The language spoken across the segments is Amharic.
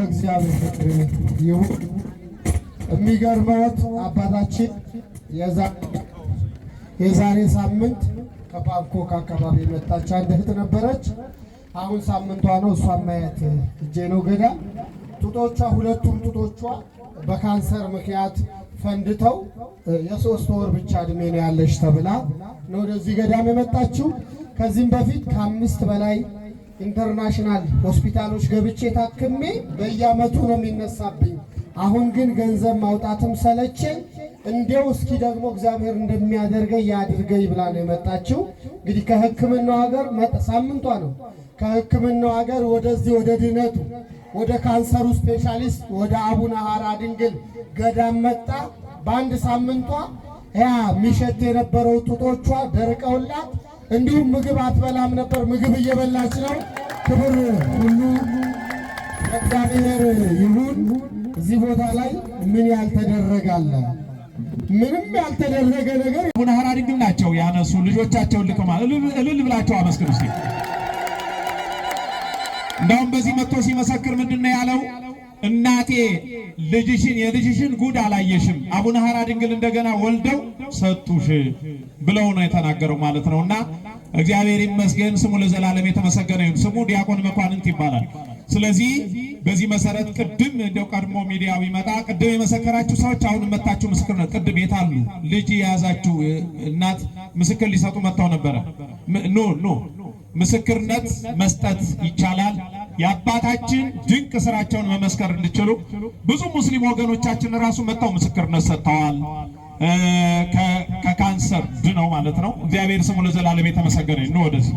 ለእግዚአብሔር ይሁን። የሚገርመት አባታችን የዛሬ ሳምንት ከባንኮክ አካባቢ መጣች አንድ እህት ነበረች። አሁን ሳምንቷ ነው። እሷን ማየት እጄ ነው ገዳ ጡጦቿ ሁለቱም ጡጦቿ በካንሰር ምክንያት ፈንድተው የሶስት ወር ብቻ እድሜ ነው ያለች ተብላ ነው ወደዚህ ገዳም የመጣችው። ከዚህም በፊት ከአምስት በላይ ኢንተርናሽናል ሆስፒታሎች ገብቼ ታክሜ በየአመቱ ነው የሚነሳብኝ። አሁን ግን ገንዘብ ማውጣትም ሰለቸኝ። እንዲያው እስኪ ደግሞ እግዚአብሔር እንደሚያደርገኝ ያድርገኝ ብላ ነው የመጣችው። እንግዲህ ከህክምናው ሀገር ሳምንቷ ነው። ከህክምናው ሀገር ወደዚህ ወደ ድነቱ ወደ ካንሰሩ ስፔሻሊስት ወደ አቡነ ሀራ ድንግል ገዳም መጣ። በአንድ ሳምንቷ ያ ሚሸት የነበረው ጡጦቿ ደርቀውላት እንዲሁም ምግብ አትበላም ነበር፣ ምግብ እየበላች ነው። ክብር ሁሉ እግዚአብሔር ይሁን። እዚህ ቦታ ላይ ምን ያልተደረጋለ? ምንም ያልተደረገ ነገር አቡነ ሐራ ድንግል ናቸው ያነሱ ልጆቻቸውን ልከማ እልል ብላቸው አመስግኑ እስኪ። እንደውም በዚህ መጥቶ ሲመሰክር ምንድን ነው ያለው? እናቴ ልጅሽን የልጅሽን ጉድ አላየሽም። አቡነ ሐራ ድንግል እንደገና ወልደው ሰጡሽ ብለው ነው የተናገረው ማለት እና እግዚአብሔር ይመስገን፣ ስሙ ለዘላለም የተመሰገነ ይሁን። ስሙ ዲያቆን መኳንንት ይባላል። ስለዚህ በዚህ መሰረት ቅድም እንደው ቀድሞ ሚዲያ ቢመጣ ቅድም የመሰከራችሁ ሰዎች አሁን መታችሁ ምስክርነት ቅድም የት አሉ? ልጅ የያዛችሁ እናት ምስክር ሊሰጡ መጥተው ነበረ። ኖ ኖ ምስክርነት መስጠት ይቻላል። የአባታችን ድንቅ ስራቸውን መመስከር እንዲችሉ ብዙ ሙስሊም ወገኖቻችን ራሱ መጥተው ምስክርነት ሰጥተዋል። ከካንሰር ድነው ማለት ነው። እግዚአብሔር ስሙ ለዘላለም የተመሰገነ ነው። ወደዚህ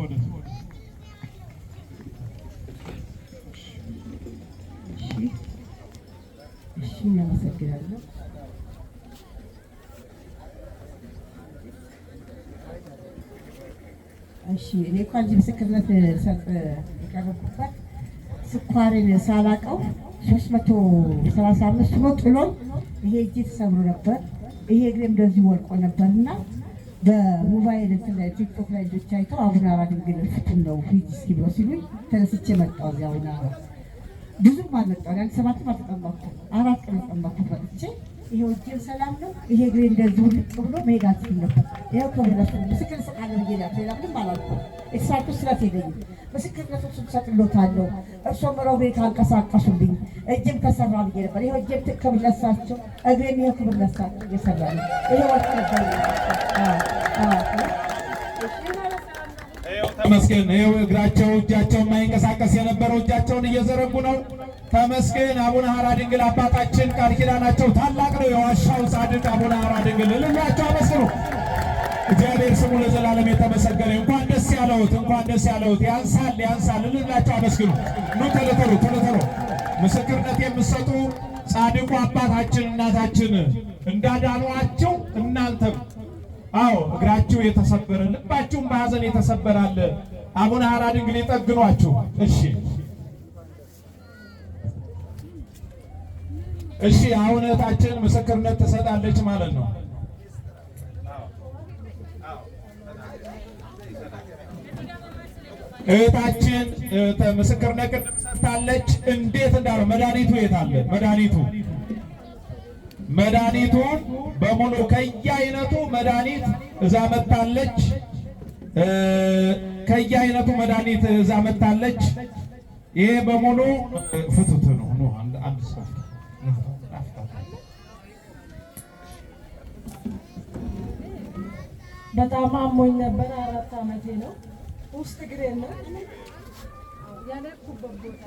እሺ እኔ እኮ አንቺ ምስክርነት ሰጥ የቀረብኩበት ስኳርን ሳላቀው ሶስት መቶ ሰላሳ አምስት ኪሎ ጥሎን ይሄ እጅ ተሰብሮ ነበር ይሄ እግሬ እንደዚህ ወልቆ ነበርና በሞባይል እንትን ላይ ቲክቶክ ላይ ልጆች አይተው አቡነ አራ ድንግል ፍቱን ነው ሂጂ እስኪ ብለው ሲሉኝ ተነስቼ መጣሁ። እዚህ አቡነ አራ ብዙም አልመጣሁ፣ አንድ ሰባትም አልተጠመኩም፣ አራት ቀን ተጠመኩ መጥቼ ይሄ እጄም ሰላም ነው። ይሄ እግሬ እንደዚህ ውልቅ ብሎ መሄድ አልችልም ነበር። ይኸው ከሁለቱ ምስክር እሰጣለሁ ብዬሽ ሌላ ምንም አላልኩም። ኤክሳቱ ስለት የለኝም። ምስክርነቱ እሰጥልዎታለሁ። እርሶም ሮቤት አንቀሳቀሱልኝ እጅም ከሰራ ብዬሽ ነበር። ይኸው እጄም ክብር ለሳቸው፣ እግሬም ይኸው ክብር ለሳቸው እየሰራ ነው። ይሄ ወርቅ ነበር ተመስገን። ይኸው እግራቸው እጃቸው የማይንቀሳቀስ የነበረው እጃቸውን እየዘረጉ ነው። ተመስገን አቡነ ሀራ ድንግል አባታችን ቃል ኪዳናቸው ታላቅ ነው። የዋሻው ጻድቅ አቡነ ሐራ ድንግል ልላቸው አመስግኑ። እግዚአብሔር ስሙ ለዘላለም የተመሰገነ። እንኳን ደስ ያለውት፣ እንኳን ደስ ያለውት። ያንሳል፣ ያንሳል ልላቸው አመስግኑ። ኑ ተለተሩ፣ ተለተሩ። ምስክርነት የምሰጡ ጻድቁ አባታችን እናታችን እንዳዳኗቸው እናንተም አዎ እግራችሁ የተሰበረ ልባችሁም በሐዘን የተሰበራል አቡነ ሐራ ድንግል ይጠግኗችሁ። እሺ እሺ አሁን እህታችን ምስክርነት ትሰጣለች ማለት ነው። እህታችን ምስክርነት ትሰጣለች። እንዴት እንዳለ መድኃኒቱ የት አለ? መድኃኒቱ መድኃኒቱን በሙሉ ከየአይነቱ መድኃኒት እዛ መታለች። ከየአይነቱ መድኃኒት እዛ መታለች። ይሄ በሙሉ ፍቱት በጣም አሞኝ ነበር። አራት አመቴ ነው። ውስጥ እግሬ ነው ያለኩበት ቦታ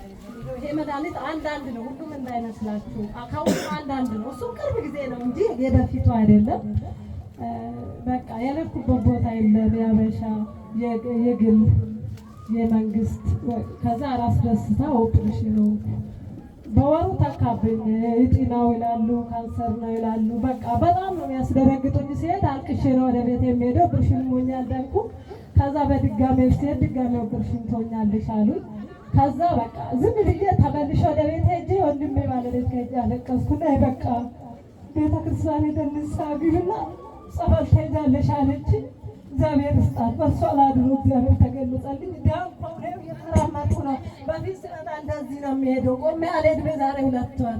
ይሄ መድኃኒት አንዳንድ ነው፣ ሁሉም እንዳይመስላችሁ አካውንት አንዳንድ ነው። እሱም ቅርብ ጊዜ ነው እንጂ የበፊቱ አይደለም። በቃ ያለኩበት ቦታ የለም። ያበሻ የግል የመንግስት ከዛ ራስ ደስታ ኦፕሬሽን ነው በወሩ ተካብኝ እጢ ነው ይላሉ፣ ካንሰር ነው ይላሉ። በቃ በጣም ነው የሚያስደረግጡኝ። ሲሄድ አልቅሼ ነው ወደ ቤት የሚሄደው። ብርሽን ሞኛል ደንቁ። ከዛ በድጋሜ ሲሄድ ድጋሜ ብርሽን ትሆኛለሽ አሉኝ። ከዛ በቃ ዝም ብዬ ተመልሼ ወደ ቤት ሄጄ ወንድሜ ባለቤት ከሄጄ አለቀስኩና በቃ ቤተክርስቲያን ደንሳግና ጸበል ትሄጃለሽ አለችኝ። እግዚአብሔር ይስጣት። በእሷ ላድሮ እግዚአብሔር ተገለጸልኝ። ዲያ ኮሬው እየተራመጡ ነው። በፊት ስመጣ እንደዚህ ነው የሚሄደው። ቆሜ አልሄድም። ዛሬ ሁለት ወር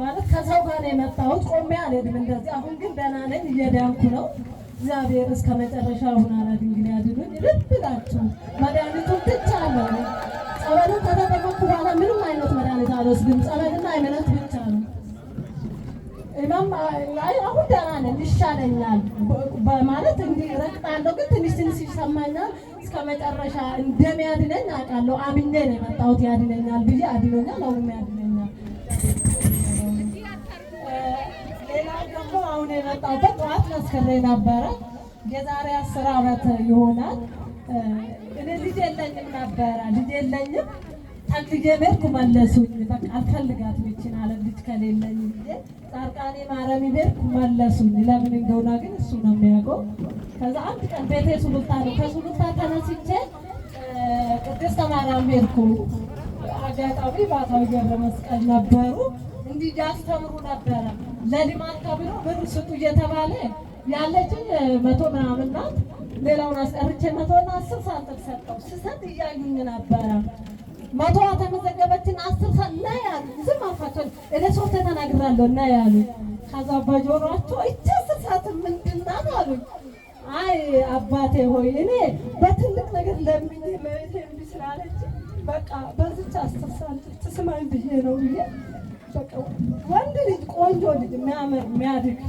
ማለት ከሰው ጋር ነው የመጣሁት። ቆሜ አልሄድም እንደዚህ። አሁን ግን ደህና ነኝ፣ እየዳንኩ ነው። እግዚአብሔር እስከ መጨረሻ ሁን አላት። እንግዲህ አድኑኝ ልብላችሁ መድኃኒቱን ትቻለሁ። ጸበሉን ከተጠመኩ በኋላ ምንም አይነት መድኃኒት አልወስድም። ጸበልና አይመነት እናም አሁን ደህና ነን ይሻለኛል በማለት እንዲህ ረግጣለሁ። ግን ትንሽ ትንሽ ይሰማኛል። እስከ መጨረሻ እንደሚያድነኝ አውቃለሁ። አምኜ ነው የመጣሁት። ያድነኛል ብዬ አድነኛል። አሁንም ያድነኛል። ሌላ ደግሞ አሁን የመጣሁበት ጠዋት መስክሬ ነበረ። የዛሬ አስር ዓመት ይሆናል። እኔ ልጅ የለኝም ነበረ ልጅ የለኝም ጠቅዬ ቤርኩ መለሱኝ። በቃ አልፈልጋትም ይችን አለ ልጅ ከሌለኝ ጻድቃኔ ማረሚ ቤት መለሱኝ። ለምን እንደሆነ ግን እሱ ነው የሚያውቀው። ከዛ አንድ ቀን ቤቴ ሱሉልታ ነው። ከሱሉልታ ተነስቼ ቅድስተ ማርያም ቤርኩ አጋጣሚ ባታዊ ገብረ መስቀል ነበሩ እንዲህ ያስተምሩ ነበረ። ለሊማት ተብሎ ብር ስጡ እየተባለ ያለችን መቶ ምናምን ናት። ሌላውን አስቀርቼ መቶና አስር ሳንጥቅ ሰጠው። ስሰት እያዩኝ ነበረ መቶ ተመዘገበችን አስር ሰዓት ና ያሉ ዝም አልኳቸው። እኔ ሶስት ተናግራለሁ ና ያሉ። ከዛ በጆሯቸው እቺ አስር ሰዓት ምንድን ናት አሉኝ። አይ አባቴ ሆይ እኔ በትልቅ ነገር ለምኜ መሬት እንዲ ስላለች በቃ በዚች አስር ሰዓት ትስማኝ ብዬ ነው ብዬ በቃ ወንድ ልጅ ቆንጆ ልጅ የሚያምር የሚያድግ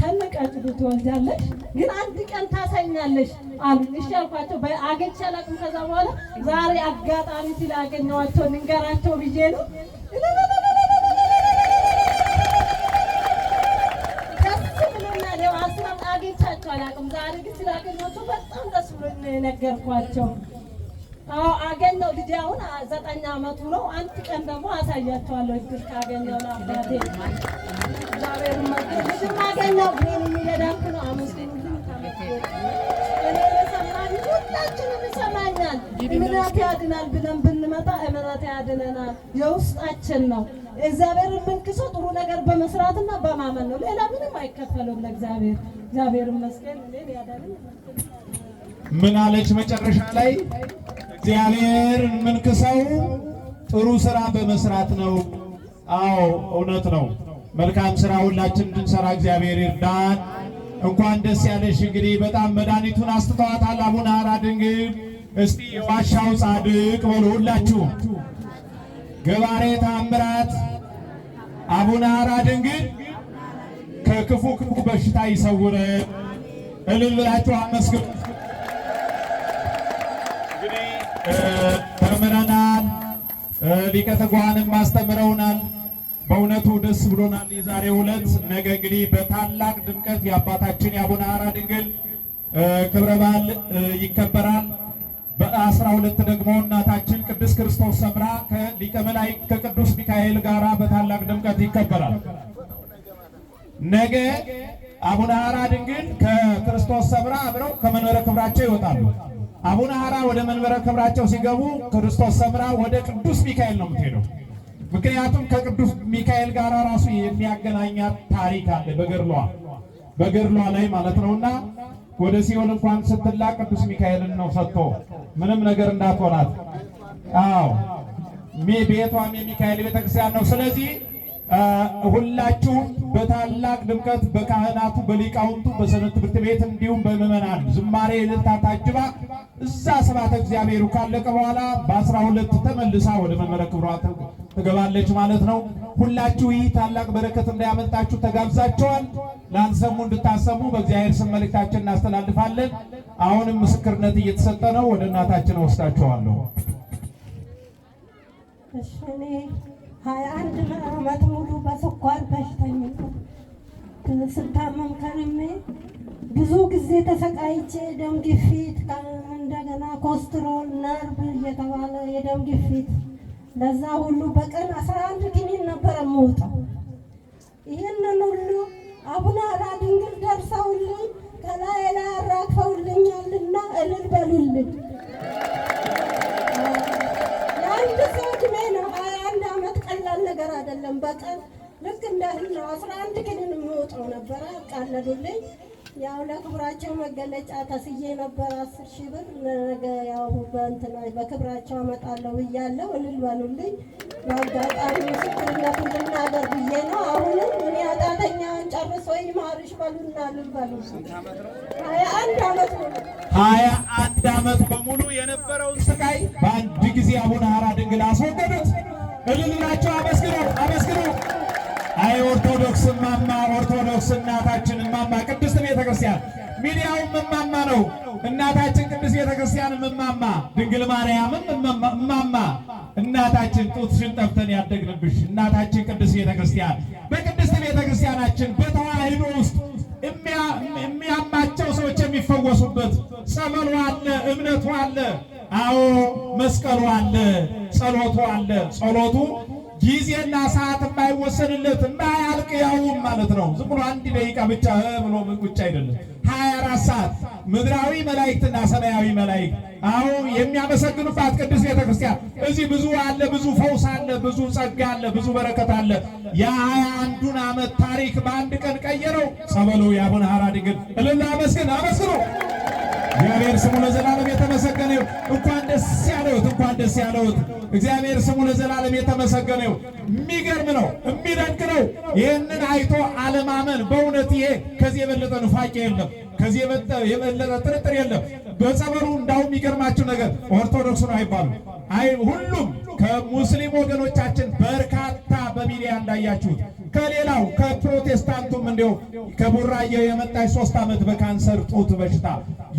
ከነቀጭቱ ትወልጃለሽ፣ ግን አንድ ቀን ታሳኛለሽ አሉ። እሺ አልኳቸው። አግኝቼ አላውቅም። ከዛ በኋላ ዛሬ አጋጣሚ ስላገኘኋቸው ንገራቸው ብዬ ነው። አግኝቻቸው አላውቅም። ዛሬ ግን ስላገኘኋቸው በጣም ደስ ብሎኝ ነገርኳቸው። አዎ አገኘው። ልጄ አሁን ዘጠኝ ዓመቱ ነው። አንድ ቀን ደግሞ አሳያቸዋለሁ። እድል ካገኘሁ አባቴ የማገኘው እኔን የሚረዳኝ እምነት ያድናል ብለን ብንመጣ እምነት ያድነናል። የውስጣችን ነው። እግዚአብሔር የምንክሰው ጥሩ ነገር በመስራትና በማመን ነው። ሌላ ምንም አይከፈለውም ለእግዚአብሔር። እግዚአብሔር ይመስገን። ምን አለች መጨረሻ ላይ? እግዚአብሔር የምንክሰው ጥሩ ስራ በመስራት ነው። አዎ እውነት ነው። መልካም ስራ ሁላችን እንድንሰራ እግዚአብሔር ይርዳን። እንኳን ደስ ያለሽ። እንግዲህ በጣም መድኃኒቱን አስተዋታል አቡነ ሐራ ድንግል። እስቲ የዋሻው ጻድቅ በሉ ሁላችሁ። ገባሬ ታምራት አቡነ ሐራ ድንግል ከክፉ ክፉ በሽታ ይሰውረን። እልል ብላችሁ አመስግኑ። እንግዲህ ተምረናል፣ ሊቀ ትጉሃንም አስተምረውናል። በእውነቱ ደስ ብሎናል። የዛሬ ዕለት ነገ እንግዲህ በታላቅ ድምቀት የአባታችን የአቡነ ሐራ ድንግል ክብረ በዓል ይከበራል። በአስራ ሁለት ደግሞ እናታችን ቅዱስ ክርስቶስ ሰምራ ከሊቀ መላእክት ከቅዱስ ሚካኤል ጋራ በታላቅ ድምቀት ይከበራል። ነገ አቡነ ሐራ ድንግል ከክርስቶስ ሰምራ አብረው ከመንበረ ክብራቸው ይወጣሉ። አቡነ ሐራ ወደ መንበረ ክብራቸው ሲገቡ፣ ክርስቶስ ሰምራ ወደ ቅዱስ ሚካኤል ነው የምትሄደው። ምክንያቱም ከቅዱስ ሚካኤል ጋር ራሱ የሚያገናኛት ታሪክ አለ በገድሏ በገድሏ ላይ ማለት ነውና ወደ ሲሆን እንኳን ስትላ ቅዱስ ሚካኤልን ነው ሰጥቶ ምንም ነገር እንዳትሆናት። አዎ ቤቷም የሚካኤል ቤተክርስቲያን ነው። ስለዚህ ሁላችሁም በታላቅ ድምቀት በካህናቱ፣ በሊቃውንቱ፣ በሰንበት ትምህርት ቤት እንዲሁም በምዕመናን ዝማሬ ዕልልታ ታጅባ እዛ ስብሐተ እግዚአብሔሩ ካለቀ በኋላ በአስራ ሁለት ተመልሳ ወደ መንበረ ክብሯ ትገባለች ማለት ነው። ሁላችሁ ይህ ታላቅ በረከት እንዳያመልጣችሁ ተጋብዛችኋል። ላንሰሙ እንድታሰሙ በእግዚአብሔር ስም መልእክታችን እናስተላልፋለን። አሁንም ምስክርነት እየተሰጠ ነው። ወደ እናታችን ወስዳችኋለሁ። እኔ ሀያ አንድ ዓመት ሙሉ በስኳር ስታመም ከርሜ ብዙ ጊዜ ተሰቃይቼ ደም ግፊት እንደገና ኮስትሮል ነርቭ እየተባለ የደም ግፊት ለዛ ሁሉ በቀን አስራ አንድ ጊኒን ነበረ የምወጣው። ይህንን ሁሉ አቡነ አራ ድንግል ደርሰውልኝ ከላይ ላይ አራግፈውልኛልና እልል በሉልኝ። የአንድ ሰው ነው። ሀያ አንድ አመት ቀላል ነገር አይደለም። በቀን ልክ እንደ አስራ አንድ ጊኒን የምወጣው ነበረ። ቃለሉልኝ ያው ለክብራቸው መገለጫ ከስዬ ነበር አስር ሺህ ብር ነገ ያው በእንትና በክብራቸው አመጣለሁ ብያለሁ። እልል በሉልኝ። በአጋጣሚ ምስክርነት እንድናገር ብዬ ነው። አሁንም እኔ ኃጢአተኛውን ጨርሶ ይማርሽ በሉና እልል በሉ። ሀያ አንድ አመት ሀያ አንድ አመት በሙሉ የነበረውን ስቃይ በአንድ ጊዜ አቡነ ሀራ ድንግል አስወገዱት። እልል ብላቸው አመስግነው አመስግነው ኦርቶዶክስ እማማ ኦርቶዶክስ እናታችን እማማ ቅድስት ቤተክርስቲያን ሚዲያውም እማማ ነው። እናታችን ቅድስት ቤተክርስቲያንም እማማ፣ ድንግል ማርያምም እማማ እናታችን ጡትሽን ጠብተን ያደግንብሽ እናታችን ቅድስት ቤተክርስቲያን በቅድስት ቤተክርስቲያናችን በተዋሕዶ ውስጥ የሚያማቸው ሰዎች የሚፈወሱበት ጸበሉ አለ፣ እምነቱ አለ፣ አዎ መስቀሉ አለ፣ ጸሎቱ አለ። ጸሎቱ ጊዜና ሰዓት የማይወሰንለት የማያልቅ ያውም ማለት ነው። ዝም ብሎ አንድ ደቂቃ ብቻ ብሎ ብቻ አይደለም፣ ሀያ አራት ሰዓት ምድራዊ መላእክትና ሰማያዊ መላእክት አሁን የሚያመሰግኑባት ቅዱስ ቤተክርስቲያን እዚህ ብዙ አለ፣ ብዙ ፈውስ አለ፣ ብዙ ጸጋ አለ፣ ብዙ በረከት አለ። የሀያ አንዱን ዓመት ታሪክ በአንድ ቀን ቀየረው። ጸበሉ የአቡነ ሐራ ድንግል እልል አመስግን አመስግኖ እግዚአብሔር ስሙ ለዘላለም የተመሰገነ እንኳን ደስ ያለሁት፣ እንኳን ደስ እግዚአብሔር ስሙ ለዘላለም የተመሰገነው የሚገርም ነው፣ የሚደንቅ ነው። ይህንን አይቶ አለማመን በእውነት ይሄ ከዚህ የበለጠ ኑፋቄ የለም። ከዚህ የበለጠ ጥርጥር የለም። በጸበሩ እንዳው የሚገርማችሁ ነገር ኦርቶዶክስ ነው አይባሉ አይ ሁሉም ከሙስሊም ወገኖቻችን በርካታ በሚዲያ እንዳያችሁት ከሌላው ከፕሮቴስታንቱም እንዲሁ ከቡራዬ የመጣች ሶስት ዓመት በካንሰር ጡት በሽታ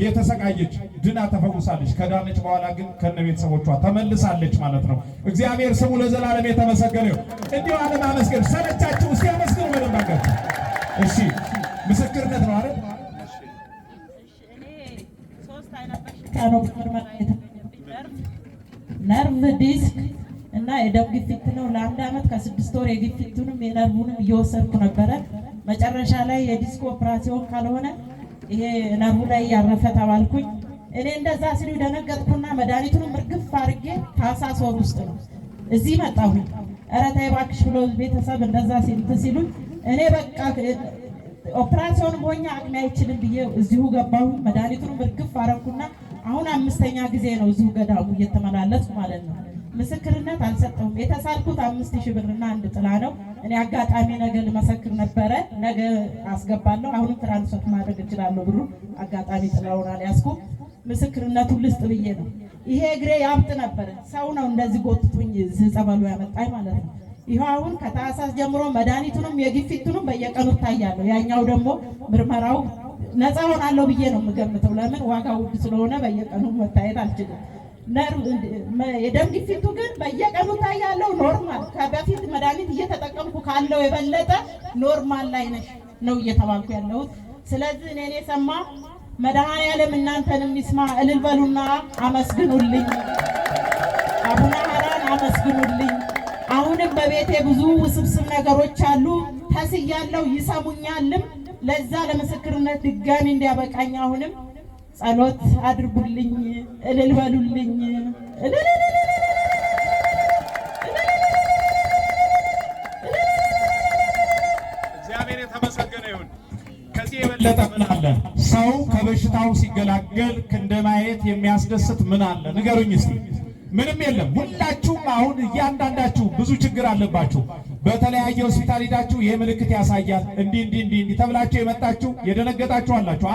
የተሰቃየች ድና ተፈውሳለች። ከዳነች በኋላ ግን ከነ ቤተሰቦቿ ተመልሳለች ማለት ነው። እግዚአብሔር ስሙ ለዘላለም የተመሰገነ ይሁን። እንዲሁ አለም አመስገን ሰለቻችሁ። እስቲ አመስግኑ በደንብ እሺ ምስክርነት ነው አይደል? ነርቭ ዲስክ እና የደም ግፊት ነው። ለአንድ አመት ከስድስት ወር የግፊቱንም የነርቡንም እየወሰድኩ ነበረ። መጨረሻ ላይ የዲስክ ኦፕራሲዮን ካልሆነ ይሄ ነርቡ ላይ እያረፈ ተባልኩኝ። እኔ እንደዛ ሲሉ ደነገጥኩና መድኃኒቱንም እርግፍ አድርጌ ታህሳስ ወር ውስጥ ነው እዚህ መጣሁ ኧረ ተይ እባክሽ ብሎ ቤተሰብ እንደዛ ሲሉ እኔ በቃ ኦፕራሲዮን ሆኛ አቅሜ አይችልም ብዬ እዚሁ ገባሁ። መድኃኒቱንም እርግፍ አረኩና አሁን አምስተኛ ጊዜ ነው እዚሁ ገዳሙ እየተመላለስኩ ማለት ነው። ምስክርነት አልሰጠሁም። የተሳልኩት አምስት ሺህ ብርና አንድ ጥላ ነው። እኔ አጋጣሚ ነገ ልመሰክር ነበረ። ነገ አስገባለሁ። አሁንም ትራንስፈር ማድረግ እችላለሁ። ብሩ አጋጣሚ ጥላውን አልያዝኩም። ምስክርነቱን ልስጥ ብዬ ነው። ይሄ እግሬ ያብጥ ነበረ። ሰው ነው እንደዚህ ጎትቶኝ ፀበሉ ያመጣኝ ማለት ነው። ይኸው አሁን ከታህሳስ ጀምሮ መድኃኒቱንም የግፊቱንም በየቀኑ እታያለሁ። ያኛው ደግሞ ምርመራው ነፃ ሆናለሁ ብዬ ነው የምገምተው። ለምን ዋጋ ውድ ስለሆነ በየቀኑ መታየት አልችልም። የደም ግፊቱ ግን በየቀኑ ታያለው ኖርማል ከበፊት መድኃኒት እየተጠቀምኩ ካለው የበለጠ ኖርማል ላይ ነው እየተባልኩ ያለሁት። ስለዚህ እኔን የሰማ መድኃኔዓለም እናንተንም ይስማ። እልል በሉና አመስግኑልኝ፣ አቡነ ሀራን አመስግኑልኝ። አሁንም በቤቴ ብዙ ውስብስብ ነገሮች አሉ። ተስያለው፣ ይሰሙኛልም። ለዛ ለምስክርነት ድጋሚ እንዲያበቃኝ አሁንም ጸሎት አድርጉልኝ፣ እልል በሉልኝ። እግዚአብሔር የተመሰገነ ይሁን። ከዚህ የበለጠ ምን አለ? ሰው ከበሽታው ሲገላገል ክንደ ማየት የሚያስደስት ምን አለ? ንገሩኝ እስኪ። ምንም የለም። ሁላችሁም አሁን እያንዳንዳችሁ ብዙ ችግር አለባችሁ። በተለያየ ሆስፒታል ሄዳችሁ ይሄ ምልክት ያሳያል እንዲህ እንዲህ እንዲህ እንዲህ ተብላችሁ የመጣችሁ የደነገጣችሁ አላችሁ።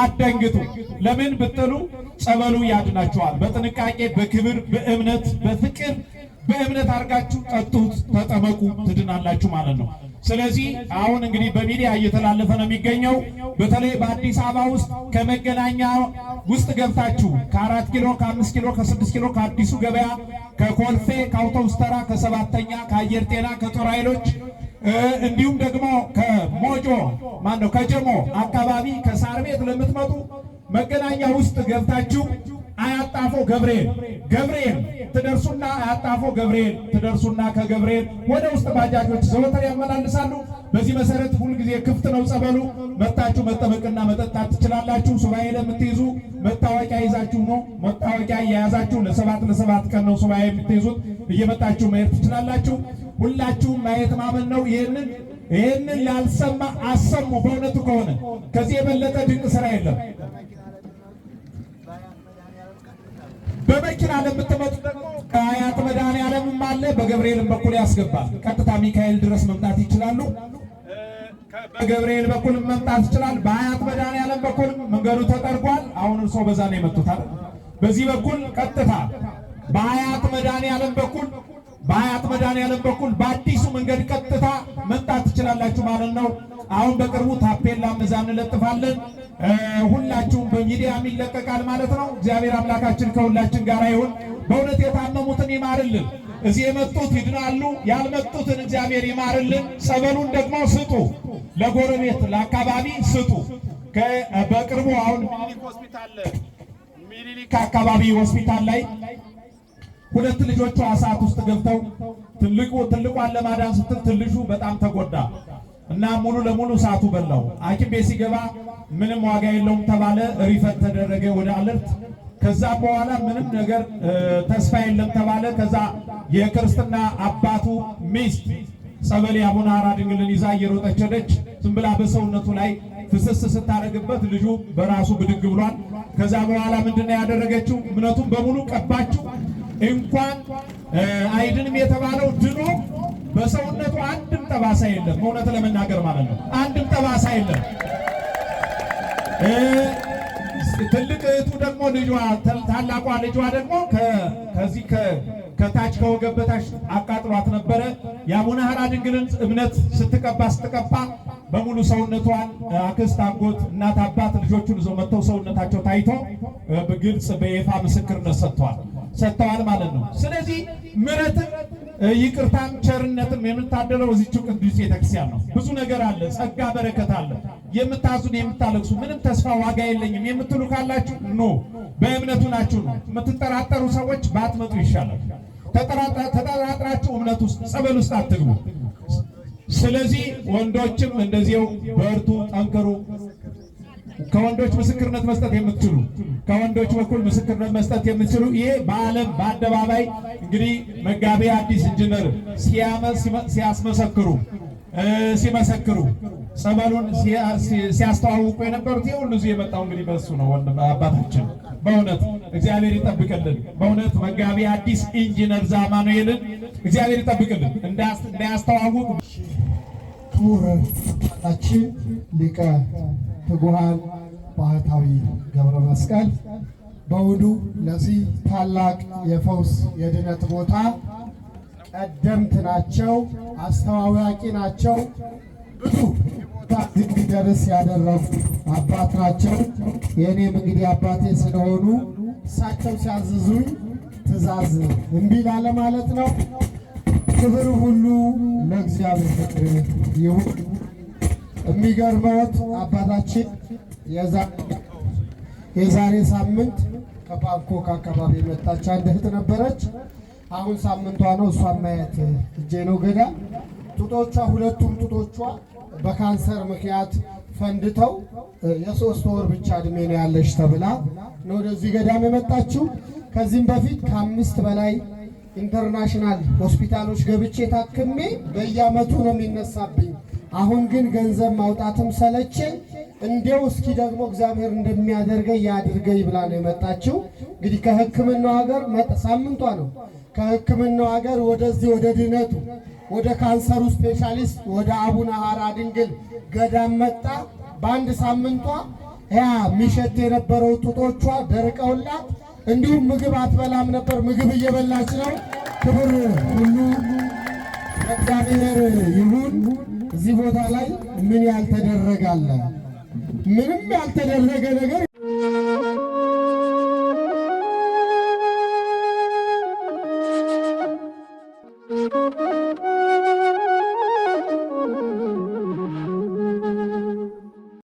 አደንግጡ ለምን ብትሉ ጸበሉ ያድናችኋል። በጥንቃቄ በክብር በእምነት በፍቅር በእምነት አድርጋችሁ ጠጡት፣ ተጠመቁ፣ ትድናላችሁ ማለት ነው። ስለዚህ አሁን እንግዲህ በሚዲያ እየተላለፈ ነው የሚገኘው። በተለይ በአዲስ አበባ ውስጥ ከመገናኛ ውስጥ ገብታችሁ ከአራት ኪሎ፣ ከአምስት ኪሎ፣ ከስድስት ኪሎ ከአዲሱ ገበያ ከኮልፌ ከአውቶቡስ ተራ ከሰባተኛ ከአየር ጤና ከጦር ኃይሎች እንዲሁም ደግሞ ከሞጆ ማነው ከጀሞ አካባቢ ከሳር ቤት ለምትመጡ መገናኛ ውስጥ ገብታችሁ አያጣፎ ገብርኤል ገብርኤል ትደርሱና አያጣፎ ገብርኤል ትደርሱና ከገብርኤል ወደ ውስጥ ባጃጆች ዘወትር ያመላልሳሉ። በዚህ መሰረት ሁልጊዜ ክፍት ነው ጸበሉ። መታችሁ መጠመቅና መጠጣት ትችላላችሁ። ሱባኤ ለምትይዙ መታወቂያ ይዛችሁ ነው። መታወቂያ እየያዛችሁ ለሰባት ለሰባት ቀን ነው ሱባኤ የምትይዙት። እየመጣችሁ ማየት ትችላላችሁ። ሁላችሁም ማየት ማመን ነው። ይህንን ይህንን ላልሰማ አሰሙ። በእውነቱ ከሆነ ከዚህ የበለጠ ድንቅ ስራ የለም። በመኪና ለምትመጡ ደግሞ ከአያት መድኃኔዓለምም አለ በገብርኤልም በኩል ያስገባል። ቀጥታ ሚካኤል ድረስ መምጣት ይችላሉ። በገብርኤል በኩልም መምጣት ይችላል። በአያት መድኃኔዓለም በኩል መንገዱ ተጠርጓል። አሁንም ሰው በዛ ነው የመጡት በዚህ በኩል ቀጥታ በአያት መድኃኔዓለም በኩል በአያት መድኃኔዓለም በኩል በአዲሱ መንገድ ቀጥታ መምጣት ትችላላችሁ ማለት ነው። አሁን በቅርቡ ታፔላ እዛ እንለጥፋለን። ሁላችሁም በሚዲያም ይለቀቃል ማለት ነው። እግዚአብሔር አምላካችን ከሁላችን ጋር ይሁን። በእውነት የታመሙትን ይማርልን። እዚህ የመጡት ይድናሉ፣ ያልመጡትን እግዚአብሔር ይማርልን። ጸበሉን ደግሞ ስጡ፣ ለጎረቤት ለአካባቢ ስጡ። በቅርቡ አሁን ሚኒሊክ አካባቢ ሆስፒታል ላይ ሁለት ልጆቿ እሳት ውስጥ ገብተው ትልቁ ትልቋን ለማዳን ስትል ትልሹ በጣም ተጎዳ። እና ሙሉ ለሙሉ እሳቱ በላው። ሐኪም ቤት ሲገባ ምንም ዋጋ የለውም ተባለ። ሪፈት ተደረገ ወደ አለርት። ከዛ በኋላ ምንም ነገር ተስፋ የለም ተባለ። ከዛ የክርስትና አባቱ ሚስት ጸበል አቡነ ሐራ ድንግልን ይዛ እየሮጠች ሄደች። ዝም ብላ በሰውነቱ ላይ ፍስስ ስታደርግበት ልጁ በራሱ ብድግ ብሏል። ከዛ በኋላ ምንድነው ያደረገችው? እምነቱን በሙሉ ቀባችው። እንኳን አይድንም የተባለው ድኖ በሰውነቱ አንድም ጠባሳ የለም። እውነት ለመናገር ማለት ነው አንድም ጠባሳ የለም። ትልቅ እህቱ ደግሞ ልጇ ታላቋ ልጇ ደግሞ ከዚህ ከታች ከወገብ በታች አቃጥሏት ነበረ። የአቡነ ሐራ ድንግልን እምነት ስትቀባ ስትቀባ በሙሉ ሰውነቷን አክስት፣ አጎት፣ እናት፣ አባት ልጆቹን ይዘው መጥተው ሰውነታቸው ታይቶ በግልጽ በይፋ ምስክርነት ሰጥተዋል ሰጥተዋል ማለት ነው። ስለዚህ ምሕረትን ይቅርታን ቸርነትም የምታደለው እዚችው ቅዱስ ቤተክርስቲያን ነው። ብዙ ነገር አለ፣ ጸጋ በረከት አለ። የምታዙን የምታለቅሱ ምንም ተስፋ ዋጋ የለኝም የምትሉ ካላችሁ ኖ በእምነቱ ናችሁ ነው። የምትጠራጠሩ ሰዎች ባትመጡ ይሻላል። ተጠራጥራችሁ እምነት ውስጥ ጸበል ውስጥ አትግቡ። ስለዚህ ወንዶችም እንደዚው በርቱ፣ ጠንክሩ። ከወንዶች ምስክርነት መስጠት የምትችሉ ከወንዶች በኩል ምስክርነት መስጠት የምትችሉ ይሄ በዓለም በአደባባይ እንግዲህ መጋቤ አዲስ ኢንጂነር ሲያስመሰክሩ ሲመሰክሩ ጸበሉን ሲያስተዋውቁ የነበሩት ይህ ሁሉ እዚህ የመጣው እንግዲህ በእሱ ነው። አባታችን በእውነት እግዚአብሔር ይጠብቅልን። በእውነት መጋቤ ሐዲስ ኢንጂነር ዛማኑኤልን እግዚአብሔር ይጠብቅልን እንዳያስተዋውቅ ክቡር አባታችን ሊቀ ትጉሃን ባህታዊ ገብረ መስቀል በውዱ ለዚህ ታላቅ የፈውስ የድነት ቦታ ቀደምት ናቸው፣ አስተዋዋቂ ናቸው። ብዙ እንዲደርስ ያደረጉ አባት ናቸው። የእኔም እንግዲህ አባቴ ስለሆኑ እሳቸው ሲያዝዙኝ ትእዛዝ እምቢ ላለ ማለት ነው። ክብር ሁሉ ለእግዚአብሔር ይሁን። የሚገርመዎት አባታችን የዛሬ ሳምንት ከባንኮክ አካባቢ የመጣች አንድ እህት ነበረች። አሁን ሳምንቷ ነው። እሷን ማየት እጄ ነው ገዳ ጡጦቿ ሁለቱም ጡጦቿ በካንሰር ምክንያት ፈንድተው የሶስት ወር ብቻ እድሜ ነው ያለች ተብላ ነው ወደዚህ ገዳም የመጣችው። ከዚህም በፊት ከአምስት በላይ ኢንተርናሽናል ሆስፒታሎች ገብቼ ታክሜ በየአመቱ ነው የሚነሳብኝ አሁን ግን ገንዘብ ማውጣትም ሰለችን፣ እንዲያው እስኪ ደግሞ እግዚአብሔር እንደሚያደርገኝ ያድርገኝ ብላ ነው የመጣችው። እንግዲህ ከሕክምናው ሀገር ሳምንቷ ነው። ከሕክምናው ሀገር ወደዚህ ወደ ድነቱ ወደ ካንሰሩ ስፔሻሊስት ወደ አቡነ ሐራ ድንግል ገዳም መጣ። በአንድ ሳምንቷ ያ ሚሸት የነበረው ጡጦቿ ደርቀውላት፣ እንዲሁም ምግብ አትበላም ነበር። ምግብ እየበላች ነው። ክብር ሁሉ እግዚአብሔር ይሁን። እዚህ ቦታ ላይ ምን ያልተደረጋለ? ምንም ያልተደረገ ነገር